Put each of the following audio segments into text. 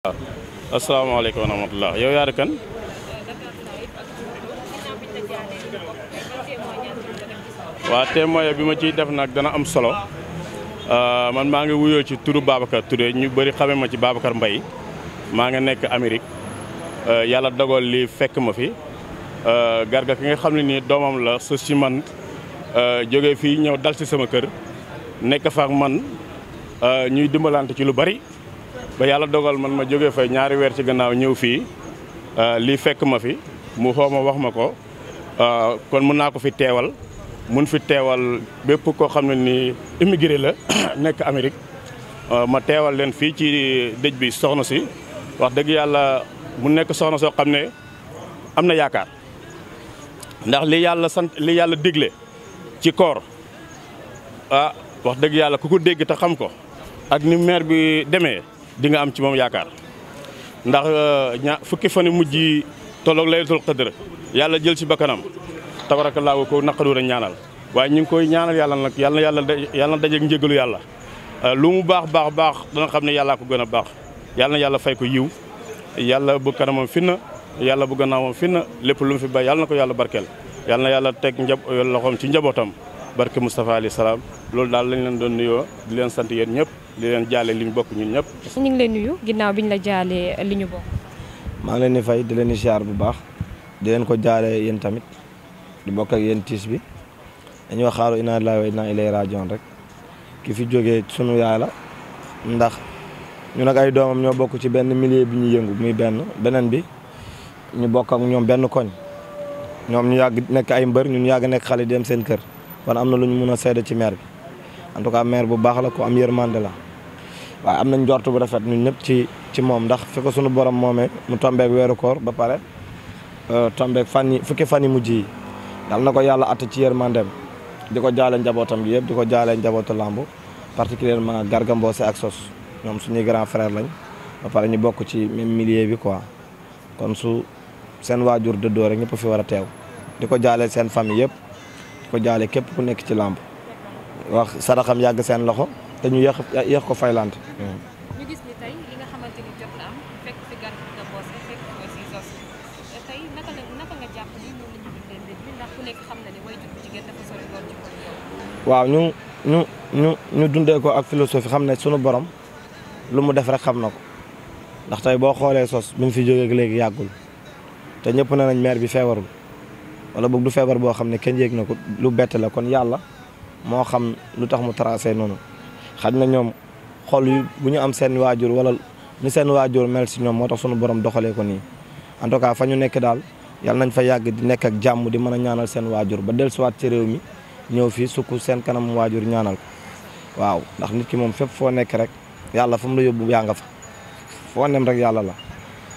waaw asalaamaaleykum wa rahmatulah yow yaa kan waaw bi ma ciy def nag dana am solo ah, man maa ngi wuyoo ci turu Babacar Touré ñu bari xame ma ci baabakar mbay maa ngi nekk Amérique ah, yàlla dogal lii fekk ma fi ah, garga ki nga xam ne nii doomam la su si man jógee fii ñëw dal si sama kër nekk fa man ñuy dimbalante ci lu bari. ba yàlla dogal man ma jóge fa ñaari weer ci gannaaw ñëw fii euh, lii fekk ma fi mu xoo ma wax ma ko euh, kon mën naa ko fi teewal mun fi teewal bépp koo xam ne ni immigré la nekk Amérique euh, ma teewal leen fii ci dëj bi soxna si wax dëgg yàlla mu nekk soxna soo xam ne am na yaakaar ndax li yàlla sant li yàlla digle ci koor ah wax dëgg yàlla ku ko dégg te xam ko ak ni maire bi demee di nga am ci moom yaakaar ndax euh, ña fukki fan yu mujj yi tolloog laylatul qadr yàlla jël ci bakkanam tabarakallahu ko naqaru a ñaanal waaye ñu ngi koy ñaanal yàlla nag yàlla yàlla yàlla na dajeeg yàlla euh, lu mu baax baax baax dana xam ne yàllaa ko gën a baax yàlla na yàlla fay ko yiw yàlla bu kanamam finna yàlla bu gannaawam finna lépp lu fi bay yàlla na ko yàlla barkeel yàlla na yàlla teg njab loxoom ci njabootam barke Moustapha alayhi salaam loolu daal lañu leen doon nuyoo di leen sant yéen ñëpp di leen jaale li ñu bokk ñun ñëpp. ñu ngi leen nuyu ginnaaw bi ñu la jaalee li ñu bokk. maa ngi leen ni fay di leen di siyaar bu baax di leen ko jaale yéen tamit di bokk ak yéen tiis bi dañuy wax xaaru inna lillahi wa inna ilayhi raaji'uun rek ki fi jógee sunu yaay la ndax ñu nag ay doomam ñoo bokk ci benn milieu bi ñuy yëngu muy benn beneen bi ñu bokk ak ñoom benn koñ ñoom ñu yàgg nekk ay mbër ñu yàgg nekk xale dem seen kër. kon am na lu ñu mun a seede ci maire bi en tout cas maire bu baax la ko am yërmande la waaye am nañ njort bu rafet ñun ñëpp ci ci moom ndax fi ko suñu borom moomee mu tombeek weeru koor ba pare euh, tombeek fan yi fukki fan yi mujj yi dal na ko yàlla att ci yërmandeem di ko jaale njabootam yëpp di ko jaale njabootu làmb particulièrement Garga Mbossé ak Sos ñoom suñuy grand frère lañ ba ñu bokk ci même milieu bi quoi kon su seen waajur dëddoo rek ñëpp fi war a teew di ko jaale seen famille yëpp ko jaale képp ku nekk ci làmb wax yàgg seen loxo te ñu yéex ko faylante ñu ñu dundee waaw ñu ñu ñu ñu dundee ko ak philosophie xam ne sunu borom lu mu def rek xam na ko ndax tey boo xoolee sos bi mu fi jógee léegi yàggul te ñëpp na nañ maire bi feebarul wala boog du feebar boo xam ne kenn yéeg na ko lu bett la kon yàlla moo xam lu tax mu tracé noonu xaj na ñoom xol yu bu ñu am seen waajur wala ni seen waajur mel si ñoom moo tax sunu borom doxalee ko nii en tout cas fa ñu nekk daal yàlla nañ fa yàgg di nekk ak jàmm di mën a ñaanal seen waajur ba dellusiwaat ci réew mi ñëw fii sukk seen kanam waajur ñaanal ko waaw ndax nit ki moom fépp foo nekk rek yàlla fa mu la yóbbu yaa nga fa foo nem rek yàlla la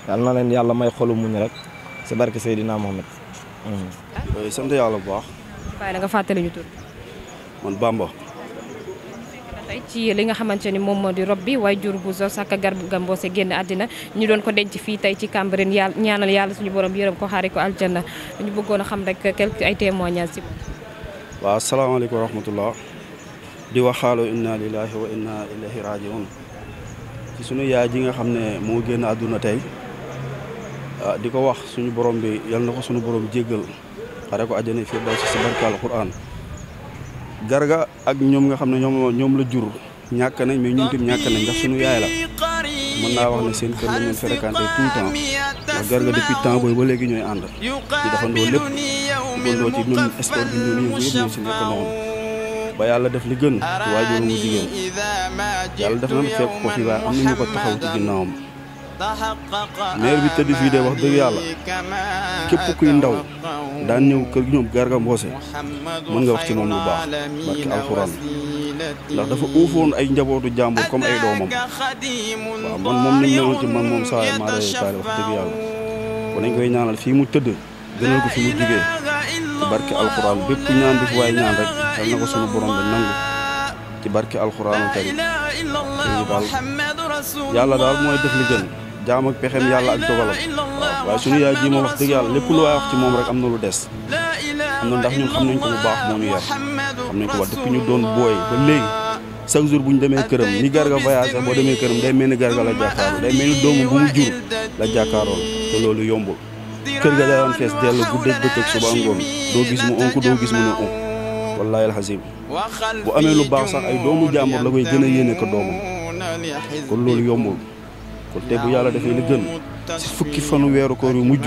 yàlla na leen yàlla may xolu muñ rek si barke Seydina Mohamed hmm. Euh, sant yàlla bu baax. bàyyi la nga fàttali ñu tur. man Bamba. li nga xamante ni moom moo di rob waaye jur bu Zos ak Garbu Gamboose génn àddina ñu doon ko denc fii tey ci Cambérène yàlla ñaanal yàlla suñu borom yërëm ko xaari ko aljanna ñu bëggoon a xam rek quelque ay témoignages si. waaw salaamaaleykum wa rahmatullah di waxaalu inna lillahi wa inna ilayhi rajiun ci sunu yaay ji nga xam ne moo génn àdduna tey ah, di ko wax suñu borom bi yal na ko suñu borom jéggal. xare ko àjjana firdawsi si barke alquran garga ak ñoom nga xam ne ñoom ñoom la jur ñàkk nañ mais ñun tim ñàkk nañ ndax suñu yaay la mën naa wax ne seen kër la ñu fréquenté tout le temps ndax garga depuis ba léegi ñooy ànd di defandoo lépp dugandoo ci même sport bi ñoom ñëpp yëpp ñoo si nekk yàlla def li gën waajur mu jigéen yàlla def na fekk ko fi waaye am na ko taxaw ci ginnaawam maire bi tëdd de wax dëgg yàlla képp kuy ndaw daan ñëw kër ñoom Garga Mbossé mën nga wax ci moom lu baax barki alxuraan ndax dafa uufoon ay njabootu jàmbur comme ay doomam waaw man moom li mu ci man moom saa maa rey wax dëgg yàlla kon nañ koy ñaanal fii mu tëdd gënal ko fi mu jugee ci barki alxuraan bépp ñaan bi fi waaye ñaan rek xam na ko suñu borom bi nangu ci barki alxuraanu karim daal yàlla daal mooy def li gën jaam ak yàlla ak dogalam waaw waaye suñu yaay ji moom wax dëgg yàlla lépp lu waay wax ci moom rek am na lu des am na ndax ñun xam nañ ko bu baax moo ñu yar xam nañ ko wax depuis ñu doon booy ba léegi chaque bu ñu demee këram ni garga voyage boo demee këram day mel ni garga la jàkkaarloo day mel ni doomu bu mu jur la jàkkaarloo te loolu yombul kër ga daan fees dell guddeeg bëccëg suba ngoon doo gis mu onk doo gis mu ne onk wallaahi alxasim bu amee lu baax sax ay doomu jàmbur la koy gën a yéene ko doomam kon loolu yombul nekkul te bu yàlla defee li gën si fukki fanu weeru koor yu mujj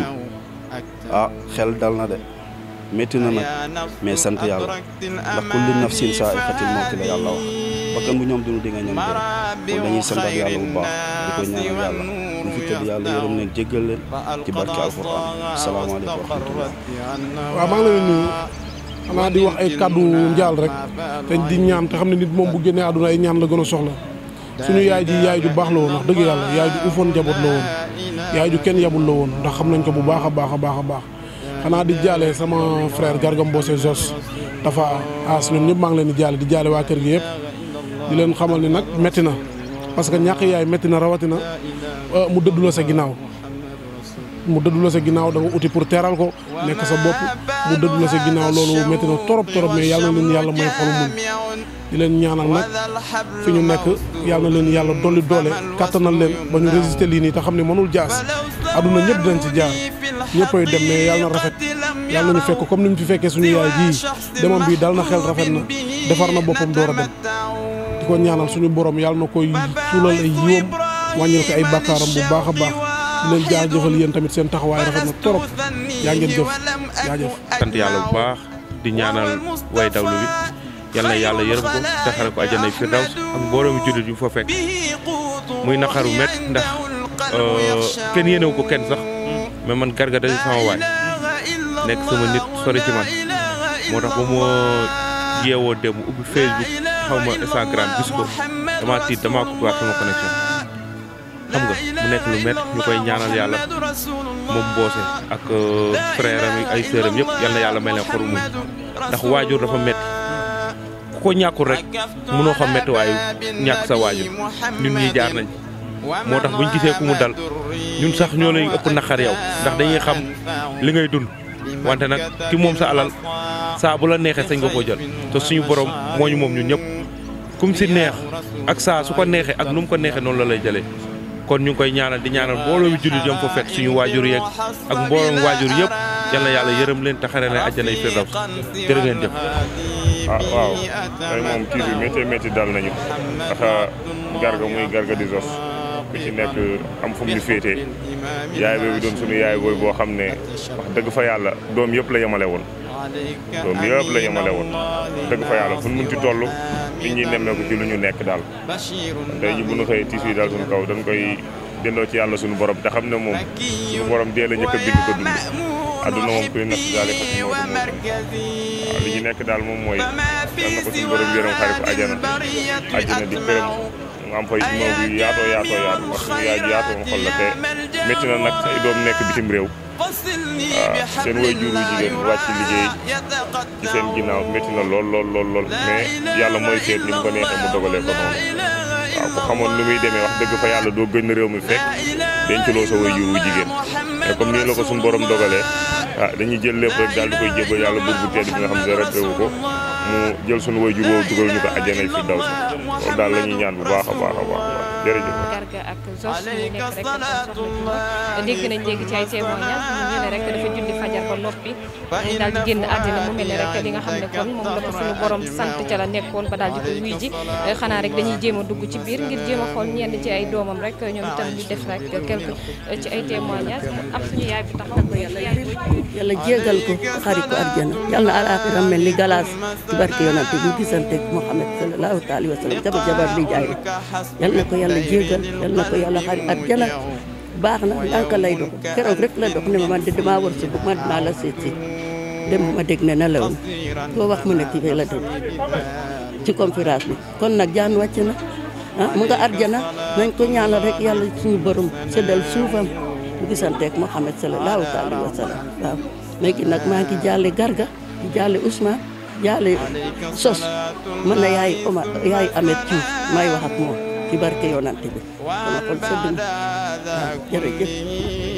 ah xel dal na de métti na nag mais sant yàlla ndax kulli nafsin saa'iqatul mawti la yàlla wax bakkan bu ñoom dunu di ñam de kon dañuy santat yàlla bu baax di ko ñaanal yàlla ñu fi tëdd yàlla yërëm leen jéggal leen ci barke alquran asalaamaaleykum wa rahmatullah waaw maa ngi xanaa di wax ay kàddu njaal rek te di ñaan te xam ne nit moom bu génnee àdduna ay ñaan la gën a soxla suñu yaay ji yaay ju baax la woon wax dëgg yàlla yaay ju ufoon njaboot la woon yaay ju kenn yabul la woon ndax xam nañ ko bu baax a baax a baax a baax xanaa di jaale sama frère Garga Mbossé Zos dafa aas ñoom ñëpp maa ngi leen di jaale di jaale waa kër gi yëpp di leen xamal ni nag métti na parce que ñàkk yaay métti na rawatina euh, mu dëddu la sa ginnaaw mu dëddu la sa ginnaaw da uti pour teeral ko nekk sa bopp mu dëddu la sa ginnaaw loolu métti na torop torop mais yàlla na leen yàlla may xolu mun di leen ñaanal nag fi ñu nekk yàlla na leen yàlla dolli doole kàttanal leen ba ñu résister lii nii te xam ne mënul jaas aduna ñëpp dinañ ci jaar ñëppay dem mais yàlla na rafet yàlla na ñu fekk comme ni mu fi fekkee suñu yaay jii demam bii dal na xel rafet na defar na boppam door a dem di ko ñaanal suñu borom yàlla na koy suulal ay ay bakkaaram bu baax a baax leen jaajëfal yéen tamit seen taxawaay rafet na trop yaa ngeen jëf jaajëf. sant yàlla bu baax di ñaanal way dawlu yàlla yal na yàlla yërëm ko taxare ko àjjanay firdaws ak mbooloomu jullit yu fa fekk muy naqaru met ndax euh, kenn yéenewu ko kenn sax mais man Garga da sama waay nekk sama nit sori ci moo tax ba ma yeewoo dem ubbi Facebook xaw ma Instagram gis ko dama tiit dama coupé sama connexion. xam nga mu nekk lu métti ñu koy ñaanal yàlla moom Mbossé ak euh, frère am ay sœur am yëpp yal yàlla may leen xolu muñ ndax waajur dafa métti ku ko ñàkkul rek mënoo xam métti waayu ñàkk sa waajur ñun ñii jaar nañ moo tax buñ gisee ku mu dal ñun sax ñoo lay ëpp naqar yow ndax dañuy xam li ngay dund wante nag ki moom sa alal saa bu la neexee sañ nga ko jël te suñu borom moo ñu moom ñun ñëpp kum si neex ak saa su ko neexee ak nu mu ko neexee noonu la lay jëlee. kon ñu ngi koy ñaanal di ñaanal mbooloo mi jullit yom fa fekk suñu waajur yeeg ak mbooloom waajur yëpp yal na yàlla yërëm leen te xare leen àjjanay firdaws jërë ngeen jëf ah, waaw tey kii bi métti métti dal nañu ndax ah, garga muy garga di zos ci nekk am fu mu ñu féetee yaay boobu doon suñu yaay booy boo xam ne wax dëgg fa yàlla doom yëpp la yemale woon doom yëpp la yemale woon dëgg fa yàlla fu mu munti toll li ñuy nemmeeku ci lu ñu nekk daal tey ji bu ñu xëyee tiis yi daal suñu kaw dañ koy delloo ci yàlla suñu borom te xam ne moom suñu borom dee la njëkk a bind ko dund adduna moom kuy li ñu nekk daal moom mooy dal na ko suñu borom yërëm xarit ko àjjana àjjana di këram mu am fay immeuble yi yaatoo yaatoo yaatoo wax yaatu yaatoo te métti na nag ay doom nekk bitim réew seen way juru jigéen wàcc liggéey ci seen ginnaaw métti na lool lool lool lool mais yàlla mooy seet ni mu ko neexee mu dogalee ko noonu waaw bu xamoon nu muy demee wax dëgg fa yàlla doo gën réew mi fekk denculoo sa way juru jigéen mais comme nii la ko suñu boroom dogalee ah dañuy jël lépp rek daal di koy jébal yàlla buur bu tedd bi nga xam ne rek ko mu jël suñu way jur woowu dugal ñu ko àjjana fi daw si loolu daal la ñuy ñaan bu baax a baax a baax jërëjëf Garga ak Zos ñu nekk rek soxna Diouf dégg nañ léegi ci ay témoignage ñu ne rek dafa julli fajar ba noppi daal di génn àddina mu mel ne rek li nga xam ne kon moom la ko suñu borom sant ca la nekkoon ba daal di ko wuy ji xanaa rek dañuy jéema dugg ci biir ngir jéem xool ñenn ci ay doomam rek ñoom itam ñu def rek quelque ci ay témoignage am suñu yaay bi taxaw ko na alaaxira mel ni galaas ci barke yonante bi gisante Muhammad sallallahu taala wa jabar jabar bi na ko yàlla yàlla jéggal yal na ko yàlla xaar ak baax na ndànk lay dox keroog rek la dox ne ma man de damaa war si bu man dinaa la seet si dem ma dégg ne na law na koo wax mu ne kii la dégg ci conférence bi kon nag jaan wàcc na ah mu nga arjana nañ ko ñaanal rek yàlla suñu borom seddal suufam bu gisanteeg Muhammad sallallahu alayhi wa sallam waaw léegi nag maa ngi jaale Garga di jaale Ousmane jaale Sos man na yaay Omar yaay Amet Diouf may wax moom ci barke yonant bi sama xol sedd na waaw jërëjëf.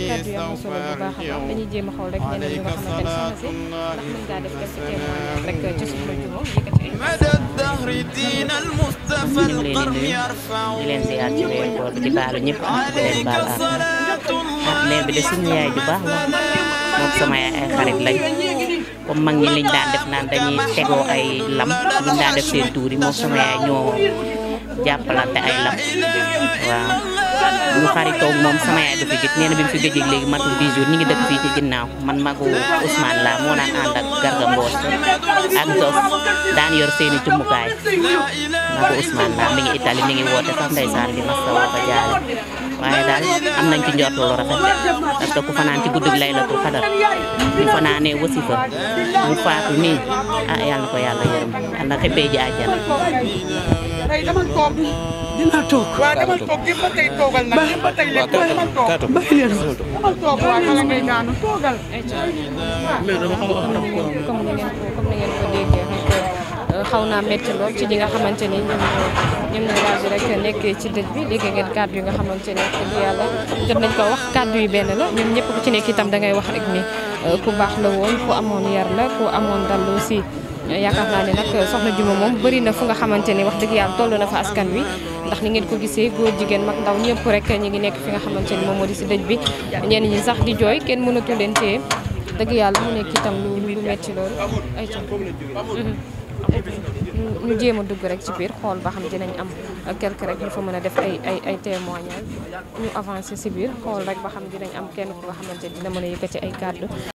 kàddu yi am na solo bu baax a baax dañuy jéem a xool rek ñeneen ñi nga xamante ne soxna si ndax mën ngaa def def ci témoignage rek ca suñu rajo yëkkati ay messages. ñu ngi leen di nuyu di leen ziar ci weer koor bi di baalu ñëpp ah di leen baal ah ndax mère bi de suñu yaay ju baax la moom sama yaay ay xarit lañ. comme mag ñi liñ daan def naan dañuy tegoo ay lam liñ daan def seen tuur yi moom sama yaay ñoo. jàppalante ay lam waaw ñu xaritoog moom sama yaay du fi gëj nee na bi mu fi gëj léegi matul 10 jours ñi ngi dëkk fii ci ginnaaw man magu Ousmane la moo naan ànd ak Garga Mboos ak daan yor seeni tumukaay magu Ousmane la mi ngi Italie mi ngi woote sax ndeysaan di mas woo ko jaale waaye daal am nañ ci njortu lu rafet ku fanaan ci guddi laylatul xadar ñu fanaanee wasifa mu faatu nii ah yàlla na ko yàlla yërëm yàlla xëppee ji àjjana tey dama toog du xaw naa métti lool ci ñi nga xamante ni ñoom ñoom daal di rek nekkee ci dëj bi dégg ngeen kàddu yi nga xamante ne yàlla nañ ko wax kàddu yi benn la ñëpp ku ci nekk itam da ngay wax rek ni baax la woon ku amoon yar la ku amoon dal aussi. yaakaar naa ne nag soxna Juma moom bëri na fu nga xamante ni wax dëgg yàlla toll na fa askan wi ndax ni ngeen ko gisee góor jigéen mag ndaw ñëpp rek ñu ngi nekk fi nga xamante ni moom moo di si dëj bi ñenn ñi sax di jooy kenn mënatul leen téye dëgg yàlla mu nekk itam lu lu metti loolu ay ñu jéem a dugg rek ci biir xool ba xam dinañ am quelque rek ñu fa mën a def ay ay ay témoignage ñu avancé si biir xool rek ba xam dinañ am kenn ku nga xamante dina mën a yëkkati ay kàddu